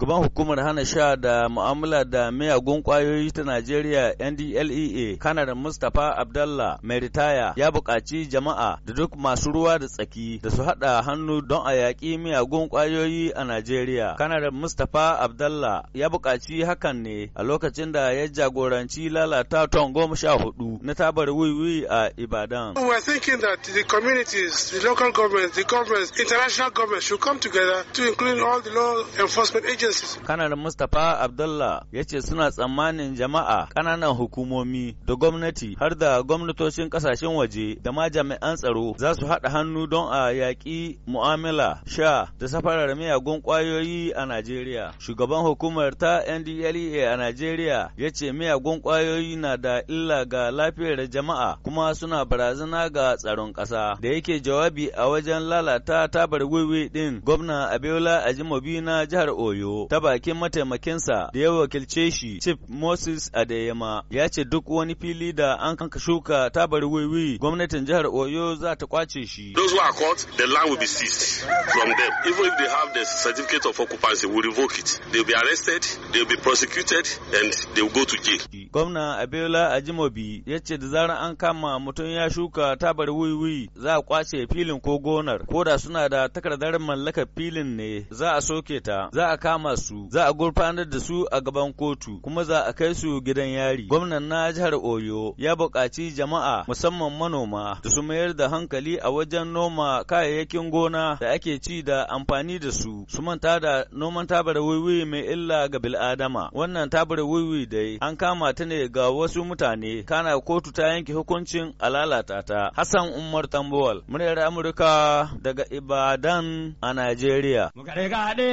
shugaban hukumar hana sha da mu'amala da miyagun kwayoyi ta Najeriya NDLEA Kanar Mustapha Abdallah mai ritaya ya buƙaci jama'a da duk masu ruwa da tsaki da su haɗa hannu don a yaƙi miyagun kwayoyi a Najeriya. Kanar Mustapha Abdallah ya buƙaci hakan ne a lokacin da ya jagoranci lalata ton goma sha hudu na tabar wiwi a Ibadan. We were thinking that the communities, the local governments, the governments, international governments should come together to include all the law enforcement agencies yes. Kanar Mustapha Abdullah ya ce suna tsammanin jama'a ƙananan hukumomi da gwamnati har da gwamnatocin ƙasashen waje da ma jami'an tsaro za su haɗa hannu don a yaƙi mu'amala sha da safarar miyagun ƙwayoyi a Najeriya. Shugaban hukumar ta NDLEA a Najeriya ya ce miyagun ƙwayoyi na da illa ga lafiyar jama'a kuma suna barazana ga tsaron ƙasa. Da yake jawabi a wajen lalata tabar wiwi ɗin gwamna Abiola Ajimobi na jihar Oyo. ta bakin mataimakinsa da ya wakilce shi Chief Moses Adeyema ya ce duk wani fili da an kanka shuka ta bari wiwi gwamnatin jihar Oyo za ta kwace shi. Those who are caught, the land will be seized from them. Even if they have the certificate of occupancy, we revoke it. They will be arrested, they will be prosecuted, and they will go to jail. Gwamna Abiola Ajimobi ya ce da zarar an kama mutum ya shuka ta bari wiwi za a kwace filin ko gonar. ko da suna da takardar mallakar filin ne za a soke ta, za a kama kama za a gurfanar da su a gaban kotu kuma za a kai su gidan yari gwamnan na jihar oyo ya buƙaci jama'a musamman manoma da su mayar da hankali a wajen noma kayayyakin gona da ake ci da amfani da su su manta da noman tabar wiwi mai illa ga bil'adama wannan tabar wiwi dai an kama ta ne ga wasu mutane kana kotu ta yanke hukuncin a lalata ta hassan umar tambowal muryar amurka daga ibadan a najeriya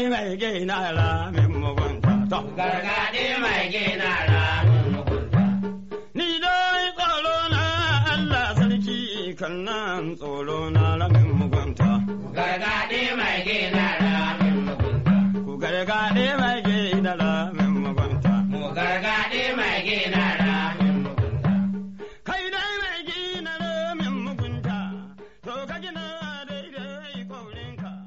mai gina ramin mugunta. Gargaɗi mai gina min mugunta. Ni dai tsoro na Allah sarki kan nan tsoro na ramin mugunta. Gargaɗi mai gina ramin mugunta. Ku gargaɗi mai gina ramin mugunta. Mu gargaɗi mai gina